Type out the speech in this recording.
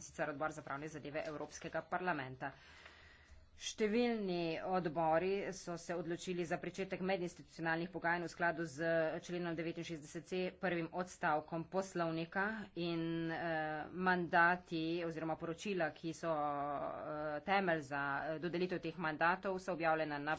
in sicer odbor za pravne zadeve Evropskega parlamenta. Številni odbori so se odločili za pričetek medinstitucionalnih pogajanj v skladu z členom 69c prvim odstavkom poslovnika in eh, mandati oziroma poročila, ki so eh, temelj za eh, dodelitev teh mandatov, so objavljena na.